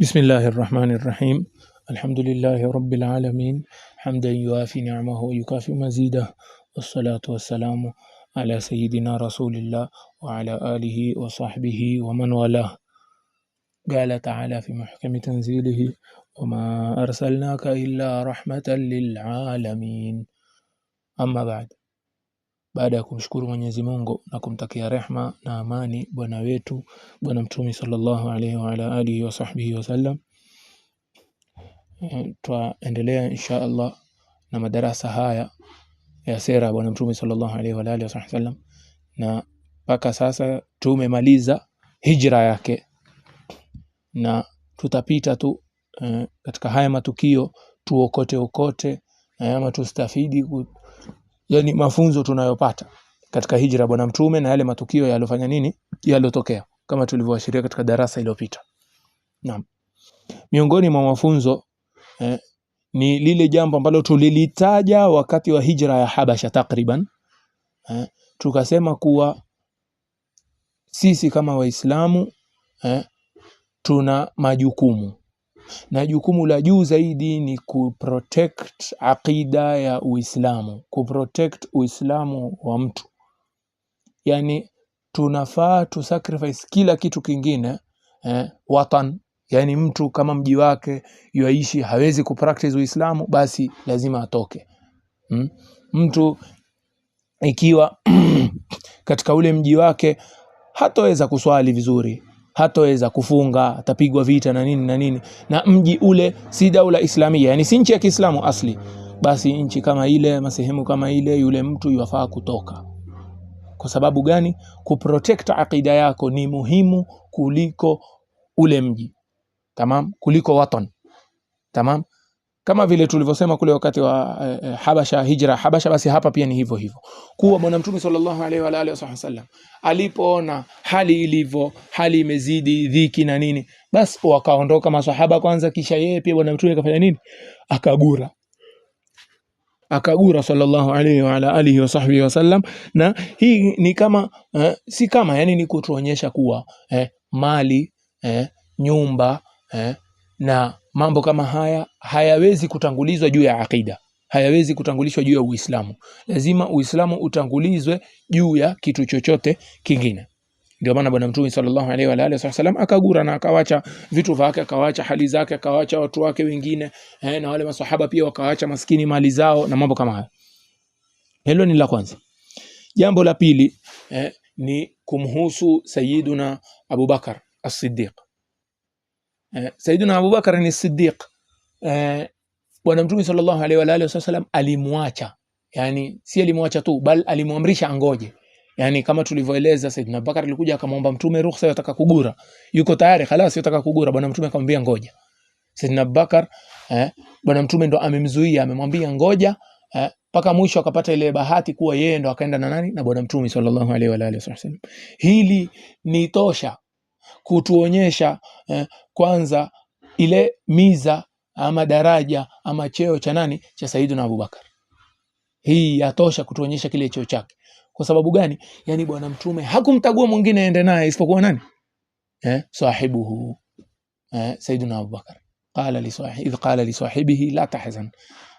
بسم الله الرحمن الرحيم الحمد لله رب العالمين حمدا يوافي نعمه ويكافئ مزيده والصلاة والسلام على سيدنا رسول الله وعلى آله وصحبه ومن والاه قال تعالى في محكم تنزيله وما أرسلناك إلا رحمة للعالمين أما بعد baada ya kumshukuru Mwenyezi Mungu na kumtakia rehma na amani bwana wetu bwana mtume sallallahu alaihi wa ala alihi wa sahbihi wasallam, eh, twaendelea insha Allah na madarasa haya ya sera bwana mtume sallallahu alaihi wa alihi wa sallam, na mpaka sasa tumemaliza hijra yake na tutapita tu eh, katika haya matukio tuokote okote, ama tustafidi yani mafunzo tunayopata katika hijra bwana mtume na yale matukio yaliyofanya nini yaliyotokea kama tulivyoashiria katika darasa iliyopita. Naam. Miongoni mwa mafunzo eh, ni lile jambo ambalo tulilitaja wakati wa hijra ya Habasha takriban eh, tukasema kuwa sisi kama Waislamu eh, tuna majukumu na jukumu la juu zaidi ni kuprotect aqida ya Uislamu, kuprotect Uislamu wa mtu. Yani tunafaa tu sacrifice kila kitu kingine eh, watan yani mtu kama mji wake yuaishi hawezi kupractice Uislamu, basi lazima atoke hmm? mtu ikiwa katika ule mji wake hataweza kuswali vizuri hataweza kufunga, atapigwa vita na nini na nini, na mji ule si daula Islamia, yani si nchi ya Kiislamu asli, basi nchi kama ile, masehemu kama ile, yule mtu yafaa kutoka. Kwa sababu gani? Kuprotect aqida yako ni muhimu kuliko ule mji, tamam, kuliko watan, tamam kama vile tulivyosema kule wakati wa eh, eh, Habasha hijra Habasha, basi hapa pia ni hivyo hivyo, kuwa bwana Mtume sallallahu alaihi wa alihi wasallam alipoona hali ilivyo, hali imezidi dhiki na nini, basi wakaondoka maswahaba kwanza, kisha yeye pia bwana Mtume akafanya nini, akagura akagura sallallahu alaihi wa alihi wasahbihi wasallam. Na hii ni kama eh, si kama yani, ni kutuonyesha kuwa eh, mali eh, nyumba eh, na mambo kama haya hayawezi kutangulizwa juu ya aqida hayawezi kutangulishwa juu ya uislamu lazima uislamu utangulizwe juu ya kitu chochote kingine ndio maana bwana mtume sallallahu alaihi wa alihi wasallam akagura na akawacha vitu vyake akawacha hali zake akawacha watu wake wengine eh, na wale maswahaba pia wakawacha maskini mali zao na mambo kama hayo hilo ni la kwanza jambo la pili eh, ni kumhusu sayyiduna abubakar as-siddiq eh, Saidina Abubakar ni Siddiq eh, bwana mtume sallallahu alaihi wa alihi wasallam alimwacha, yani si alimwacha tu, bal alimwamrisha angoje. Yani kama tulivyoeleza, Saidina Abubakar alikuja akamwomba mtume ruhusa, yataka kugura, yuko tayari khalas, yataka kugura. Bwana mtume akamwambia ngoja. Saidina Abubakar eh, bwana mtume ndo amemzuia, amemwambia ngoja eh, mpaka mwisho akapata ile bahati kuwa yeye ndo akaenda na nani na bwana mtume sallallahu alaihi wa alihi wasallam. Hili ni tosha kutuonyesha eh, kwanza ile miza ama daraja ama cheo cha nani cha Saidina Abubakar. Hii yatosha kutuonyesha kile cheo chake. Kwa sababu gani? Yaani bwana mtume hakumtagua mwingine aende naye isipokuwa nani? Eh, sahibuhu eh, Saidina Abubakar qala li sahibi idh qala li sahibihi la tahzan.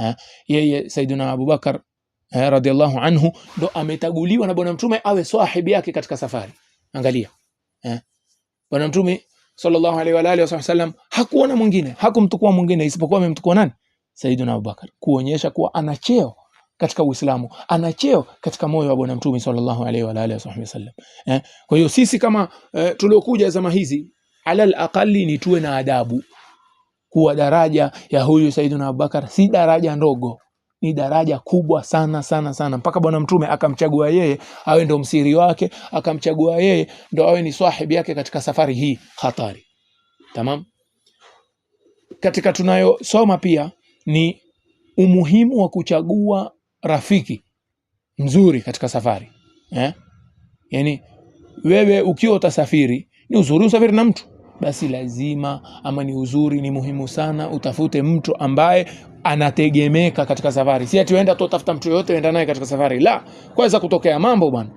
Eh, yeye Saidina Abubakar eh, anhu ndo ametaguliwa na bwana mtume awe sahibi yake katika safari. Angalia eh, Bwana Mtume sallallahu alaihi wa alihi wasallam hakuona mwingine, hakumtukua mwingine isipokuwa amemtukua nani? Saidina Abubakar, kuonyesha kuwa ana cheo katika Uislamu, ana cheo katika moyo wa Bwana Mtume sallallahu alaihi wa alihi wasallam. Eh, kwa hiyo sisi kama eh, tuliokuja zama hizi alal aqali ni tuwe na adabu kuwa daraja ya huyu Saidina Abubakar si daraja ndogo ni daraja kubwa sana sana sana, mpaka Bwana Mtume akamchagua yeye awe ndo msiri wake, akamchagua yeye ndo awe ni sahibi yake katika safari hii hatari. Tamam, katika tunayosoma pia ni umuhimu wa kuchagua rafiki mzuri katika safari eh? Yani wewe ukiwa utasafiri, ni uzuri usafiri na mtu basi lazima ama ni uzuri ni muhimu sana utafute mtu ambaye anategemeka katika safari si ati uenda tu utafuta mtu yoyote uenda naye katika safari la kwaweza kutokea mambo bwana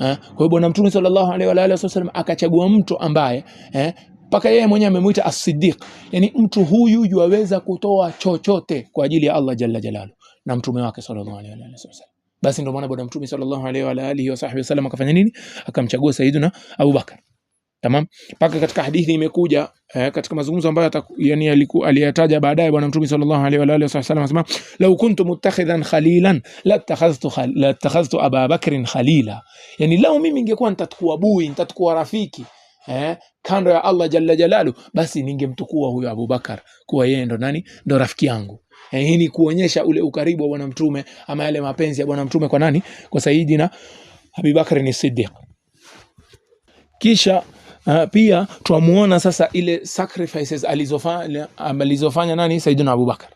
eh? kwa hiyo bwana mtume sallallahu alaihi wa alihi wasallam akachagua mtu ambaye eh? mpaka yeye mwenyewe amemwita as-siddiq yani mtu huyu yuaweza kutoa chochote kwa ajili ya Allah jalla jalalu na mtume wake sallallahu alaihi wa alihi wasallam basi ndio maana bwana mtume sallallahu alaihi wa alihi wasallam akafanya nini akamchagua sayyiduna Abu Bakar Tamam? Paka katika hadithi imekuja eh, katika mazungumzo ambayo yani aliyataja baadaye bwana Mtume sallallahu alaihi wa alihi wasallam anasema lau kuntu muttakhidhan khalilan latakhadhtu khal, latakhadhtu Aba Bakrin khalila. Yani lau mimi ningekuwa nitachukua bui, nitachukua rafiki eh, kando ya Allah jalla jalalu, basi ningemtukua huyo Bakar kuwa yeye ndo nani, ndo rafiki yangu. Eh, hii ni kuonyesha ule ukaribu wa bwana Mtume ama yale mapenzi ya bwana Mtume kwa nani, kwa Abu Bakar ni Siddiq. Kisha Uh, pia twamuona sasa ile sacrifices alizofanya, alizofanya nani Saidina Abubakar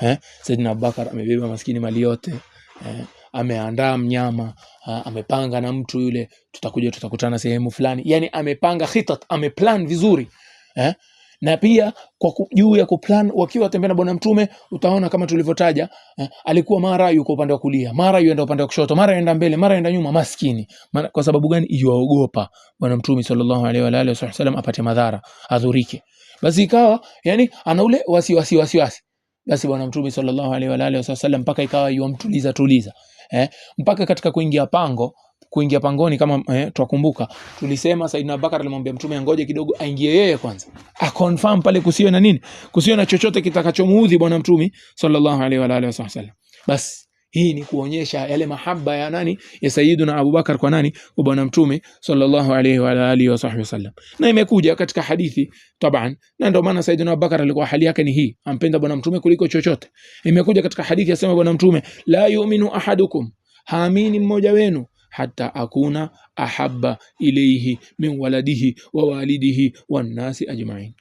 eh? Saidina Abubakar amebeba maskini mali yote eh? Ameandaa mnyama uh, amepanga na mtu yule, tutakuja tutakutana sehemu fulani, yani amepanga khitat, ameplan vizuri eh? na pia kwa juu ya kuplan wakiwa tembea na bwana mtume, utaona kama tulivyotaja eh, alikuwa mara yuko upande wa kulia, mara yuenda upande wa kushoto, mara yuenda mbele, mara yuenda nyuma. Maskini mara, kwa sababu gani? Yuaogopa bwana mtume sallallahu alaihi wa alihi wasallam apate madhara, adhurike. Basi ikawa yani ana ule wasi wasi wasi wasi. Basi bwana mtume sallallahu alaihi wa alihi wasallam mpaka ikawa yuamtuliza tuliza, eh, mpaka katika kuingia pango kuingia pangoni kama eh, twakumbuka tulisema Saidina Abubakar alimwambia mtume angoje kidogo aingie yeye kwanza a confirm pale kusiwe na nini kusiwe na chochote kitakachomuudhi bwana mtume sallallahu alaihi wa alihi wasallam bas hii ni kuonyesha yale mahaba ya nani ya Sayyiduna Abubakar kwa nani kwa bwana mtume sallallahu alaihi wa alihi wasallam, na imekuja katika hadithi taban, na ndio maana Sayyiduna Abubakar alikuwa hali yake ni hii, ampenda bwana mtume kuliko chochote. Imekuja katika hadithi yasema bwana mtume, la yu'minu ahadukum, haamini mmoja wenu hata akuna ahabba ilayhi min waladihi wa walidihi wannasi ajmain.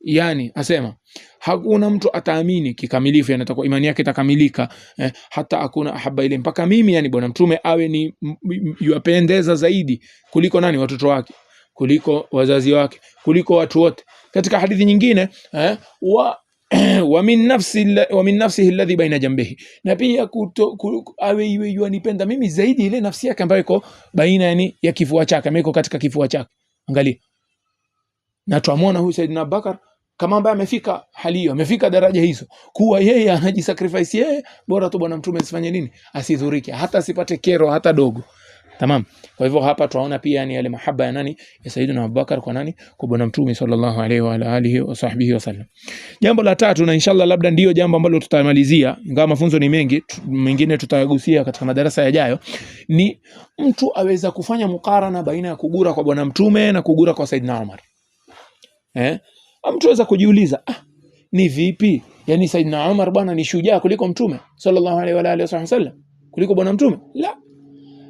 Yani asema hakuna mtu ataamini kikamilifu, yani atakuwa imani yake itakamilika eh, hata hakuna ahaba ile, mpaka mimi, yani bwana mtume awe ni yupendeza zaidi kuliko nani? Watoto wake, kuliko wazazi wake, kuliko watu wote. Katika hadithi nyingine eh, wa wamin nafsihi alladhi baina jambihi, na pia awe iwe yuanipenda mimi zaidi ile nafsi yake ambayo iko baina yani ya kifua chake, ambayo katika kifua chake. Angalia, na twamwona huyu Saidina Abubakar kama ambaye amefika hali hiyo, amefika daraja hizo, kuwa yeye anajisacrifice yeye, bora tu bwana mtume asifanye nini, asidhurike, hata asipate kero hata dogo. Tamam. Kwa hivyo hapa tunaona pia yani ile mahaba ya nani? Ya Sayyidina Abubakar kwa nani? Kwa bwana Mtume sallallahu alaihi wa alihi wa sahbihi wa sallam. Jambo la tatu na inshallah labda ndiyo jambo ambalo tutamalizia, ingawa mafunzo ni mengi, mengine tutayagusia katika madarasa yajayo, ni mtu aweza kufanya mukarana baina ya kugura kwa bwana Mtume na kugura kwa Sayyidina Umar. Eh? Ah, mtu aweza kujiuliza, ah, ni vipi? Yaani Sayyidina Umar bwana ni shujaa kuliko Mtume sallallahu alaihi wa alihi wa sallam Kuliko bwana Mtume? La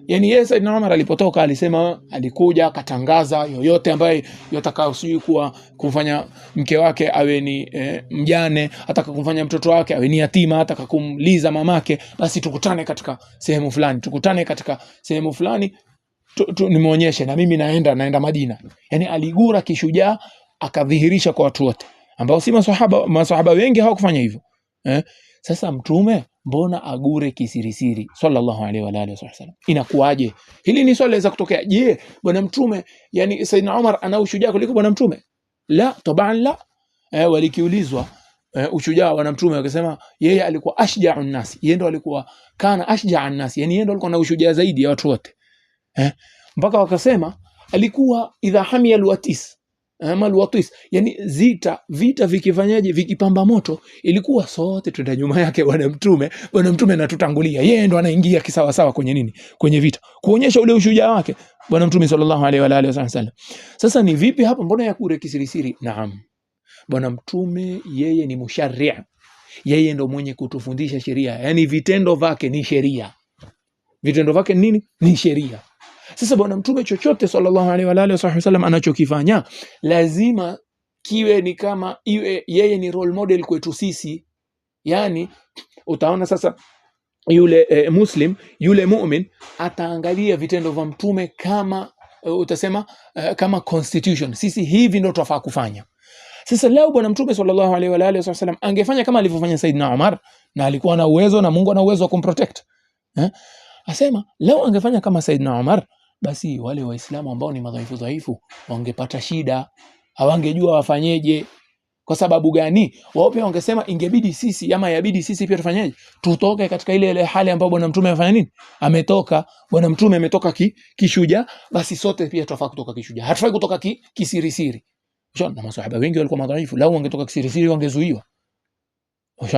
yani yes, Omar alipotoka alisema alikuja akatangaza yoyote ambaye yataka sijui kuwa kumfanya mke wake awe ni e, mjane, ataka kumfanya mtoto wake awe ni yatima, ataka kumliza mamake, basi tukutane katika sehemu fulani, tukutane katika sehemu fulani nimeonyeshe na mimi naenda naenda Madina. Yani aligura kishujaa akadhihirisha kwa watu wote ambao si masahaba wengi hawakufanya hivyo eh? Sasa mtume mbona agure kisirisiri sallallahu alaihi wa alihi wasallam? Inakuwaje? Hili ni swali laweza kutokea. Je, bwana mtume yani Saidna Umar ana ushujaa kuliko bwana mtume? La, taban la. E, walikiulizwa e, ushujaa bwana mtume wakasema yeye alikuwa ashjau nas, yeye ndo alikuwa kana ashjaan nas, yani yeye ndo alikuwa na ushujaa zaidi ya watu wote eh, mpaka wakasema alikuwa idha hamia alwatis Alwatis, yani zita vita vikifanyaje, vikipamba moto, ilikuwa sote twenda nyuma yake bwana mtume. Bwana mtume anatutangulia, yeye ndo anaingia kisawasawa kwenye nini, kwenye vita, kuonyesha ule ushujaa wake bwana mtume sallallahu alaihi wa alihi wasallam. Sasa ni vipi hapa, mbona ya kure kisirisiri? Naam, bwana mtume yeye ni musharri, yeye ndo mwenye kutufundisha sheria, yani vitendo vake ni sheria, vitendo vake nini, ni sheria sasa bwana mtume chochote sallallahu alaihi wa alihi wasallam anachokifanya lazima kiwe ni kama iwe yeye ni role model kwetu sisi. Yani utaona sasa yule e, Muslim yule mumin ataangalia vitendo vya mtume kama eh, utasema uh, kama constitution, sisi hivi ndio tunafaa kufanya. Sasa leo bwana mtume sallallahu alaihi wa alihi wasallam angefanya kama alivyofanya Saidina Umar, na alikuwa na uwezo na Mungu ana uwezo wa kumprotect eh? Asema leo angefanya kama Saidina Umar basi wale Waislamu ambao ni madhaifu dhaifu wangepata shida, hawangejua wafanyeje. Kwa sababu gani? Wao pia wangesema ingebidi sisi ama yabidi sisi pia tufanyeje? Tutoke katika ile ile hali ambayo bwana mtume amefanya nini? Ametoka. Bwana mtume ametoka ki, kishuja, basi sote pia tutafaa kutoka kishuja. Hatufai kutoka ki, kisirisiri. Unaona, maswahaba wengi walikuwa madhaifu, lau wangetoka kisirisiri wangezuiwa. Kwa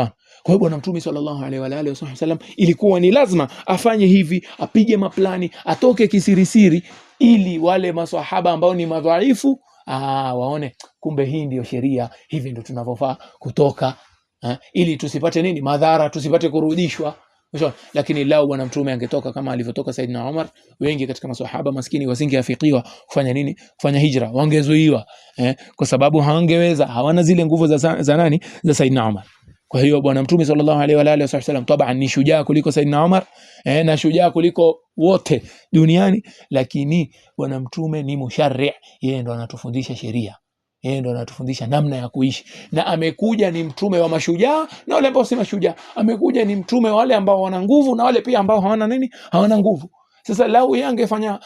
hiyo Bwana Mtume sallallahu alaihi wa alihi wasallam ilikuwa ni lazima afanye hivi, apige maplani, atoke kisirisiri, ili wale maswahaba ambao ni madhaifu ah, waone kumbe hii ndio sheria, hivi ndio tunavyofaa kutoka ha, eh, ili tusipate nini madhara, tusipate kurudishwa. Mwisho, lakini lao bwana mtume angetoka kama alivyotoka Saidina Umar, wengi katika maswahaba maskini wasingeafikiwa kufanya nini? Kufanya hijra, wangezuiwa eh, kwa sababu hawangeweza, hawana zile nguvu za, za nani za Saidina Umar. Kwa hiyo bwana Mtume sallallahu alaihi wa alihi wasallam tabaan ni shujaa kuliko Saidina Umar eh, na shujaa kuliko wote duniani, lakini bwana Mtume ni musharri, yeye ndo anatufundisha sheria, yeye ndo anatufundisha namna ya kuishi, na amekuja ni mtume wa mashujaa na wale ambao si mashujaa. Amekuja ni mtume wa wale ambao wana nguvu na wale pia ambao hawana nini, hawana nguvu. Sasa lau yeye angefanya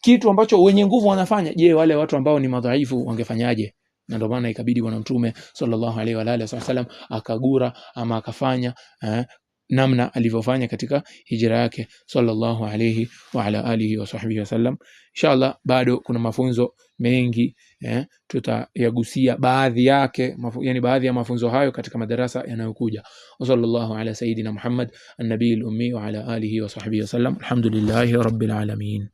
kitu ambacho wenye nguvu wanafanya, je, wale watu ambao ni madhaifu wangefanyaje? na ndio maana ikabidi bwana mtume sallallahu alaihi wa alihi wasallam akagura ama akafanya eh, namna alivyofanya katika hijra yake sallallahu alaihi wa ala alihi wa sahbihi wasallam. Inshallah bado kuna mafunzo mengi eh, tutayagusia baadhi yake mafu, yani baadhi ya mafunzo hayo katika madarasa yanayokuja. wa sallallahu ala sayidina Muhammad an-nabiyil ummi wa ala alihi wa sahbihi wasallam. Alhamdulillahi rabbil alamin.